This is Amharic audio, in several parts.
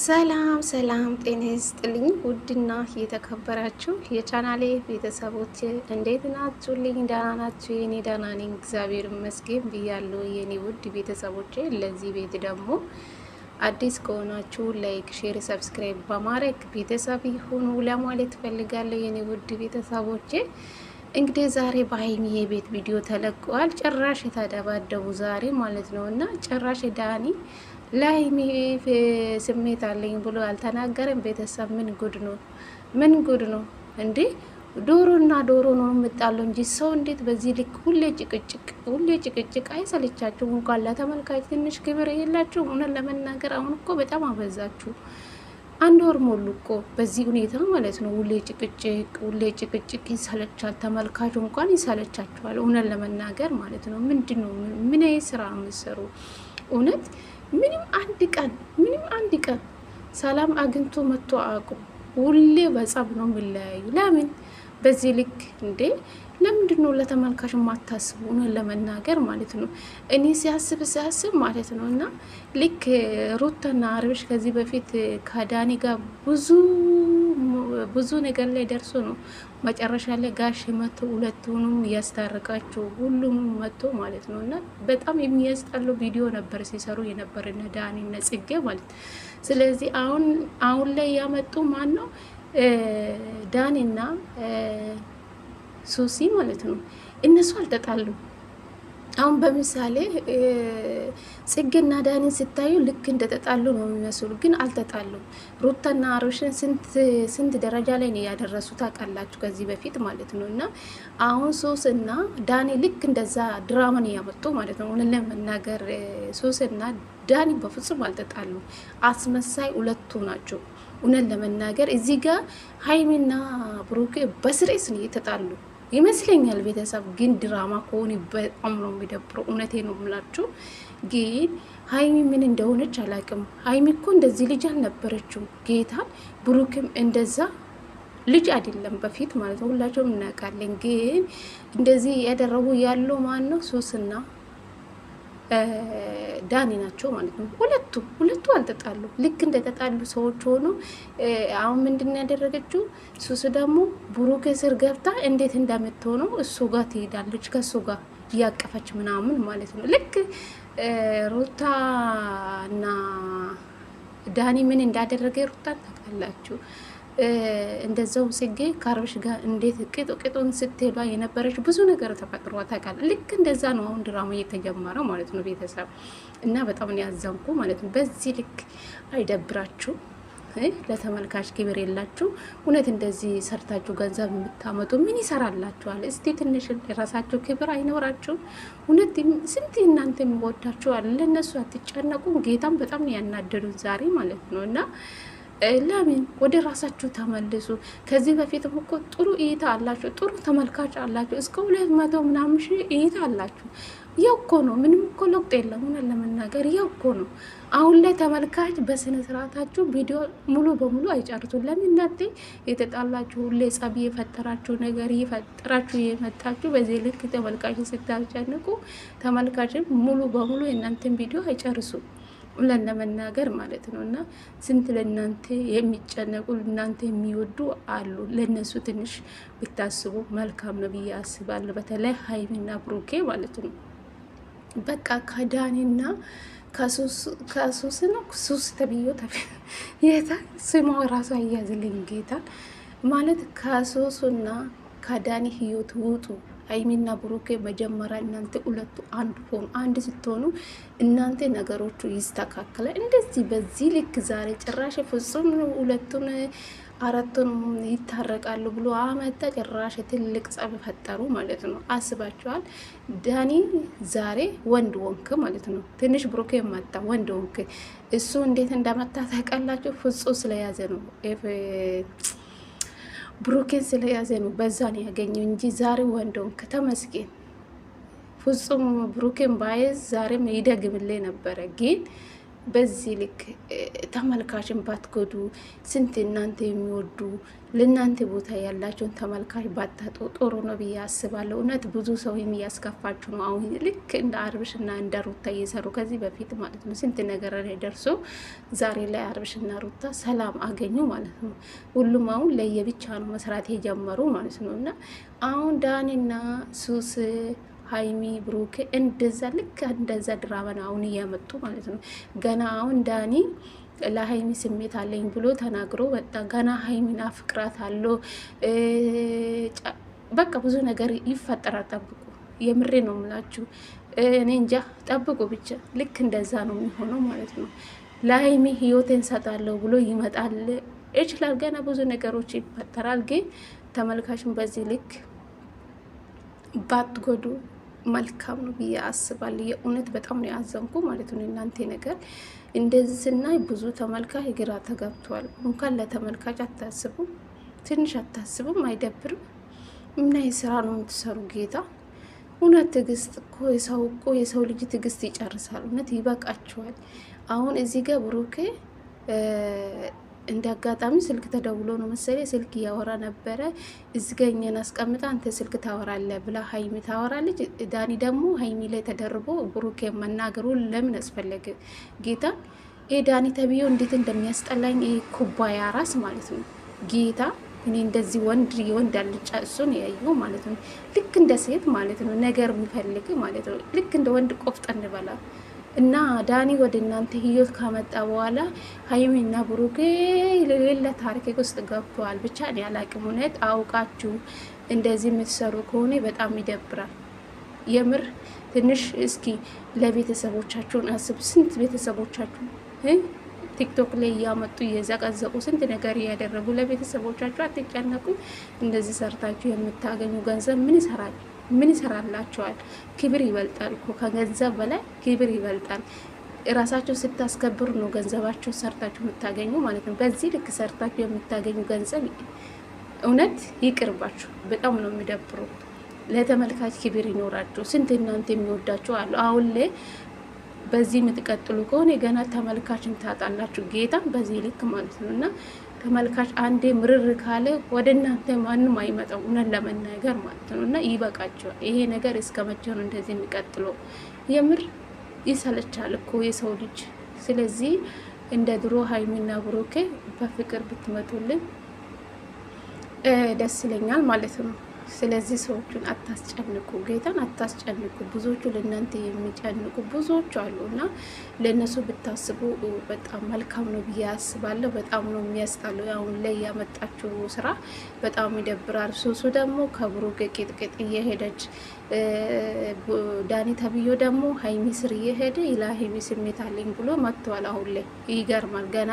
ሰላም ሰላም፣ ጤና ይስጥልኝ። ውድና የተከበራችሁ የቻናሌ ቤተሰቦች እንዴት ናችሁልኝ? ደህና ናችሁ? የኔ ደህና ነኝ እግዚአብሔር ይመስገን ብያለሁ። የኔ ውድ ቤተሰቦቼ ለዚህ ቤት ደግሞ አዲስ ከሆናችሁ ላይክ፣ ሼር፣ ሰብስክራይብ በማድረግ ቤተሰብ ይሁኑ ለማለት ፈልጋለሁ። የኔ ውድ ቤተሰቦቼ እንግዲህ ዛሬ በሀይሚ የቤት ቪዲዮ ተለቀዋል። ጭራሽ የተደባደቡ ዛሬ ማለት ነው እና ጭራሽ ዳኒ ለሀይሚ ስሜት አለኝ ብሎ አልተናገረም። ቤተሰብ ምን ጉድ ነው? ምን ጉድ ነው እንዴ? ዶሮና ዶሮ ነው የምጣለው እንጂ ሰው እንዴት በዚህ ልክ ሁሌ ጭቅጭቅ ሁሌ ጭቅጭቅ አይሰለቻችሁ? እንኳን ለተመልካች ትንሽ ክብር የላችሁ። እውነት ለመናገር አሁን እኮ በጣም አበዛችሁ። አንድ ወር ሞሉ እኮ በዚህ ሁኔታ ማለት ነው። ሁሌ ጭቅጭቅ ሁሌ ጭቅጭቅ ይሰለቻል። ተመልካቹ እንኳን ይሰለቻችኋል። እውነት ለመናገር ማለት ነው። ምንድን ነው ምን ስራ የምትሰሩ እውነት ምንም አንድ ቀን ምንም አንድ ቀን ሰላም አግኝቶ መጥቶ አያውቁም። ሁሌ በጸብ ነው የሚለያዩ። ለምን በዚህ ልክ እንዴ? ለምንድን ነው ለተመልካች የማታስቡ? እውነት ለመናገር ማለት ነው እኔ ሲያስብ ሲያስብ ማለት ነው እና ልክ ሩታና አብርሽ ከዚህ በፊት ከዳኒ ጋር ብዙ ብዙ ነገር ላይ ደርሶ ነው መጨረሻ ላይ ጋሽ መቶ ሁለቱንም ያስታርቃቸው ሁሉም መቶ ማለት ነው። እና በጣም የሚያስጣለው ቪዲዮ ነበር ሲሰሩ የነበር እነ ዳኒ እነ ጽጌ ማለት ስለዚህ አሁን አሁን ላይ ያመጡ ማን ነው ዳኒና ሱሲ ማለት ነው። እነሱ አልተጣሉም። አሁን በምሳሌ ጽጌና ዳኒን ስታዩ ልክ እንደተጣሉ ነው የሚመስሉ፣ ግን አልተጣሉም። ሩታና አሮሽን ስንት ደረጃ ላይ ነው ያደረሱ ታውቃላችሁ፣ ከዚህ በፊት ማለት ነው። እና አሁን ሶስና ዳኒ ልክ እንደዛ ድራማን እያመጡ ማለት ነው። እውነት ለመናገር ሶስና ዳኒ በፍጹም አልተጣሉ። አስመሳይ ሁለቱ ናቸው። እውነት ለመናገር እዚህ ጋር ሀይሚና ብሩኬ በስሬስ ነው የተጣሉ ይመስለኛል። ቤተሰብ ግን ድራማ ከሆነ በጣም ነው የሚደብረው። እውነቴ ነው የምላችሁ። ግን ሀይሚ ምን እንደሆነች አላውቅም። ሀይሚ እኮ እንደዚህ ልጅ አልነበረችው። ጌታን ብሩክም እንደዛ ልጅ አይደለም በፊት ማለት ነው። ሁላቸውም እናውቃለን። ግን እንደዚህ ያደረጉ ያለው ማን ነው? ሶስና ዳኒ ናቸው ማለት ነው። ሁለቱ ሁለቱ አልተጣሉ ልክ እንደተጣሉ ሰዎች ሆኖ አሁን ምንድን ያደረገችው ሱስ ደግሞ ብሩክ ስር ገብታ እንዴት እንደምትሆነው እሱ ጋር ትሄዳለች ከእሱ ጋር እያቀፈች ምናምን ማለት ነው። ልክ ሩታ እና ዳኒ ምን እንዳደረገ ሩታ ታውቃላችሁ። እንደዛው ጽጌ ከአብርሽ ጋር እንዴት ቂጡ ቅጡን ስትሄዷ የነበረች ብዙ ነገር ተፈጥሮ ታውቃል። ልክ እንደዛ ነው አሁን ድራማ እየተጀመረ ማለት ነው ቤተሰብ እና በጣም ያዘንኩ ማለት ነው። በዚህ ልክ አይደብራችሁ ለተመልካች ክብር የላችሁ። እውነት እንደዚህ ሰርታችሁ ገንዘብ የምታመጡ ምን ይሰራላችኋል? እስቲ ትንሽ የራሳችሁ ክብር አይኖራችሁ? እውነት ስንት እናንተ የሚወዳችኋል። ለእነሱ አትጨነቁም። ጌታም በጣም ያናደዱን ዛሬ ማለት ነው እና ለምን ወደ ራሳችሁ ተመልሱ። ከዚህ በፊትም እኮ ጥሩ እይታ አላችሁ፣ ጥሩ ተመልካች አላችሁ። እስከ ሁለት መቶ ምናምን ሺህ እይታ አላችሁ። ያው እኮ ነው፣ ምንም እኮ ለውጥ የለም። ሆነ ለመናገር ያው እኮ ነው። አሁን ላይ ተመልካች በስነ ስርዓታችሁ ቪዲዮ ሙሉ በሙሉ አይጨርሱም። ለምን እናንተ የተጣላችሁ ሁሌ ጸብ የፈጠራችሁ ነገር የፈጠራችሁ የመጣችሁ በዚህ ልክ ተመልካች ስታስጨንቁ ተመልካችን ሙሉ በሙሉ የእናንተን ቪዲዮ አይጨርሱም። ብለን ለመናገር ማለት ነው። እና ስንት ለእናንተ የሚጨነቁ እናንተ የሚወዱ አሉ። ለእነሱ ትንሽ ብታስቡ መልካም ነው ብዬ አስባለሁ። በተለይ ሀይሚና ብሩኬ ማለት ነው። በቃ ከዳኒና ከሱስ ነው ሱስ ተብዮ ጌታ ስማው ራሱ አያዝልኝ ጌታ ማለት ከሱሱና ከዳኒ ህይወት ውጡ። ሀይሚና ብሩኬ መጀመሪያ እናንተ ሁለቱ አንድ ሆኑ። አንድ ስትሆኑ እናንተ ነገሮቹ ይስተካከላል። እንደዚህ በዚህ ልክ ዛሬ ጭራሽ ፍጹም ሁለቱን አራቱን ይታረቃሉ ብሎ አመጣ። ጭራሽ ትልቅ ጸብ ፈጠሩ ማለት ነው። አስባችኋል? ዳኒ ዛሬ ወንድ ወንክ ማለት ነው። ትንሽ ብሩኬ መጣ ወንድ ወንክ። እሱ እንዴት እንደመታ ታውቃላችሁ? ፍጹም ስለያዘ ነው ብሩኬን ስለያዘ ነው ነው ያገኘው እንጂ ዛሬ ወንዶም ከተመስገን ፍጹም ብሩኬን ባይዝ ዛሬም ይደግምልኝ ነበረ ግን በዚህ ልክ ተመልካችን ባትጎዱ፣ ስንት እናንተ የሚወዱ ለእናንተ ቦታ ያላቸውን ተመልካች ባታጡ ጥሩ ነው ብዬ አስባለሁ። እውነት ብዙ ሰው የሚያስከፋችሁ ነው። አሁን ልክ እንደ አብርሽና እንደ ሩታ እየሰሩ ከዚህ በፊት ማለት ነው ስንት ነገር ላይ ደርሶ ዛሬ ላይ አብርሽና ሩታ ሰላም አገኙ ማለት ነው። ሁሉም አሁን ለየብቻ ነው መስራት የጀመሩ ማለት ነው እና አሁን ዳንና ሱስ ሀይሚ ብሩክ እንደዛ ልክ እንደዛ ድራማ ነው አሁን እያመጡ ማለት ነው። ገና አሁን ዳኒ ለሀይሚ ስሜት አለኝ ብሎ ተናግሮ ወጣ። ገና ሀይሚና ፍቅራት አለው በቃ ብዙ ነገር ይፈጠራል። ጠብቁ፣ የምሬ ነው ምላችሁ። እኔ እንጃ ጠብቁ ብቻ። ልክ እንደዛ ነው የሚሆነው ማለት ነው። ለሀይሚ ህይወቴን ሰጣለሁ ብሎ ይመጣል ይችላል። ገና ብዙ ነገሮች ይፈጠራል። ግን ተመልካችን በዚህ ልክ ባትጎዱ መልካም ነው ብዬ አስባለሁ። የእውነት በጣም ነው ያዘንኩ ማለት ነው እናንተ ነገር እንደዚህ ስናይ ብዙ ተመልካች ግራ ተገብቷል። እንኳን ለተመልካች አታስቡም፣ ትንሽ አታስቡም፣ አይደብርም? ምን ስራ ነው የምትሰሩ ጌታ እውነት ትግስት እኮ የሰው እኮ የሰው ልጅ ትግስት ይጨርሳል። እውነት ይበቃችኋል። አሁን እዚህ ጋር ብሩኬ እንደ አጋጣሚ ስልክ ተደውሎ ነው መሰለኝ ስልክ እያወራ ነበረ። እዚህ ጋ እኛን አስቀምጣ አንተ ስልክ ታወራለ ብላ ሀይሚ ታወራለች። ዳኒ ደግሞ ሀይሚ ላይ ተደርቦ ብሩክ መናገሩ ለምን አስፈለገ? ጌታ ይሄ ዳኒ ተብዬው እንዴት እንደሚያስጠላኝ ይሄ ኩባያ ራስ ማለት ነው ጌታ እኔ እንደዚህ ወንድ የወንድ አልጫ እሱን ያዩ ማለት ነው። ልክ እንደ ሴት ማለት ነው ነገር የሚፈልግ ማለት ነው። ልክ እንደ ወንድ ቆፍጠን በላ እና ዳኒ ወደ እናንተ ህይወት ካመጣ በኋላ ሀይሚና ብሩኬ ለሌለ ታሪክ ውስጥ ገብተዋል። ብቻ እኔ አላቅም። እውነት አውቃችሁ እንደዚህ የምትሰሩ ከሆነ በጣም ይደብራል። የምር ትንሽ እስኪ ለቤተሰቦቻችሁን አስብ። ስንት ቤተሰቦቻችሁ ቲክቶክ ላይ እያመጡ እየዘቀዘቁ ስንት ነገር እያደረጉ ለቤተሰቦቻችሁ አትጨነቁ። እንደዚህ ሰርታችሁ የምታገኙ ገንዘብ ምን ይሰራል? ምን ይሰራላቸዋል? ክብር ይበልጣል እኮ ከገንዘብ በላይ ክብር ይበልጣል። ራሳቸው ስታስከብሩ ነው ገንዘባቸው ሰርታችሁ የምታገኙ ማለት ነው። በዚህ ልክ ሰርታችሁ የምታገኙ ገንዘብ እውነት ይቅርባችሁ። በጣም ነው የሚደብሩ። ለተመልካች ክብር ይኖራቸው ስንት እናንተ የሚወዳቸው አሉ። አሁን ላይ በዚህ የምትቀጥሉ ከሆነ ገና ተመልካችን ታጣላችሁ። ጌታ በዚህ ልክ ማለት ነው እና ተመልካች አንዴ ምርር ካለ ወደ እናንተ ማንም አይመጣው፣ እውነት ለመናገር ማለት ነው። እና ይበቃቸዋል። ይሄ ነገር እስከ መቼ ነው እንደዚህ የሚቀጥለው? የምር ይሰለቻል እኮ የሰው ልጅ። ስለዚህ እንደ ድሮ ሀይሚና ብሩኬ በፍቅር ብትመጡልን ደስ ይለኛል ማለት ነው። ስለዚህ ሰዎቹን አታስጨንቁ፣ ጌታን አታስጨንቁ። ብዙዎቹ ለእናንተ የሚጨንቁ ብዙዎቹ አሉ እና ለእነሱ ብታስቡ በጣም መልካም ነው ብዬ አስባለሁ። በጣም ነው የሚያስጣሉ። አሁን ላይ ያመጣችው ስራ በጣም ይደብራል። ሱሱ ደግሞ ከብሩ ቂጥቂጥ እየሄደች ዳኒ ተብዮ ደግሞ ሀይሚ ስር እየሄደ ይላ ሀይሚ ስሜት አለኝ ብሎ መጥቷል። አሁን ላይ ይገርማል። ገና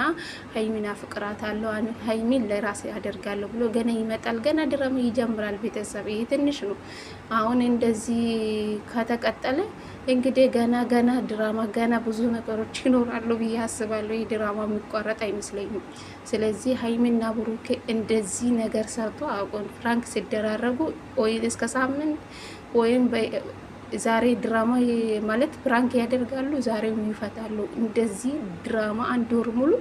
ሀይሚን አለው ሀይሚን ለራሴ አደርጋለሁ ብሎ ገና ይመጣል። ገና ድራማ ይጀምራል። ቤተሰብ ይሄ ትንሽ ነው። አሁን እንደዚህ ከተቀጠለ እንግዲህ ገና ገና ድራማ ገና ብዙ ነገሮች ይኖራሉ ብዬ አስባለሁ። ይህ ድራማ የሚቋረጥ አይመስለኝም። ስለዚህ ሀይሚና ብሩኬ እንደዚህ ነገር ሰርቶ አውቆን ፍራንክ ሲደራረጉ ወይ እስከ ሳምንት ወይም ዛሬ ድራማ ማለት ፕራንክ ያደርጋሉ፣ ዛሬም ይፈታሉ። እንደዚህ ድራማ አንድ ወር ሙሉ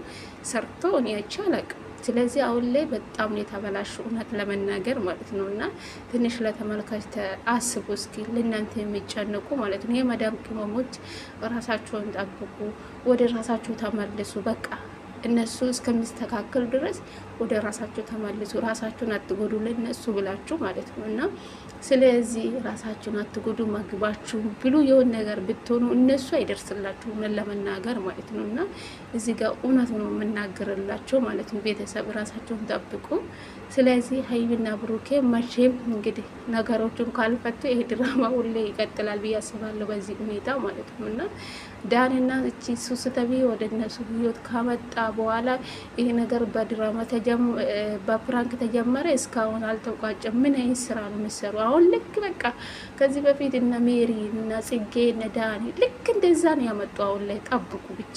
ሰርቶ እኔ አይቼ አላቅም። ስለዚህ አሁን ላይ በጣም ነው የተበላሹ፣ እውነት ለመናገር ማለት ነው። እና ትንሽ ለተመልካች አስቡ እስኪ፣ ለእናንተ የሚጨነቁ ማለት ነው። የመዳም ቅመሞች ራሳቸውን ጠብቁ፣ ወደ ራሳቸው ተመልሱ። በቃ እነሱ እስከሚስተካከሉ ድረስ ወደ ራሳቸው ተመልሱ። ራሳቸውን አትጎዱ ለእነሱ ብላችሁ ማለት ነው። እና ስለዚህ ራሳቸውን አትጎዱ፣ ምግባችሁን ብሉ። የሆን ነገር ብትሆኑ እነሱ አይደርስላችሁ ለመናገር ማለት ነው። እና እዚ ጋር እውነት ነው የምናገርላቸው ማለት ነው። ቤተሰብ ራሳቸውን ጠብቁ። ስለዚህ ሀይብና ብሩኬ መቼም እንግዲህ ነገሮቹን ካልፈቱ ይሄ ድራማ ሁሌ ይቀጥላል ብዬ አስባለሁ፣ በዚህ ሁኔታ ማለት ነው እና ዳንና እቺ ሱስተቢ ወደ እነሱ ህይወት ከመጣ በኋላ ይህ ነገር በድራማ በፕራንክ ተጀመረ፣ እስካሁን አልተቋጨም። ምን አይነት ስራ ነው የሚሰሩ? አሁን ልክ በቃ ከዚህ በፊት እነ ሜሪ እነ ጽጌ እነ ዳኒ ልክ እንደዛ ነው ያመጡ። አሁን ላይ ጠብቁ ብቻ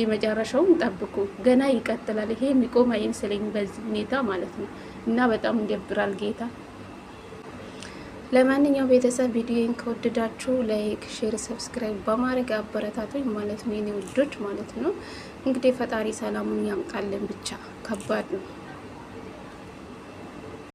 የመጨረሻውን ጠብቁ። ገና ይቀጥላል። ይሄ የሚቆም ስለኝ በዚህ ሁኔታ ማለት ነው። እና በጣም እንደብራል ጌታ ለማንኛውም ቤተሰብ ቪዲዮን ከወደዳችሁ ላይክ፣ ሼር፣ ሰብስክራይብ በማድረግ አበረታቶች ማለት ነው የኔ ውዶች ማለት ነው። እንግዲህ ፈጣሪ ሰላሙን ያምጣልን ብቻ ከባድ ነው።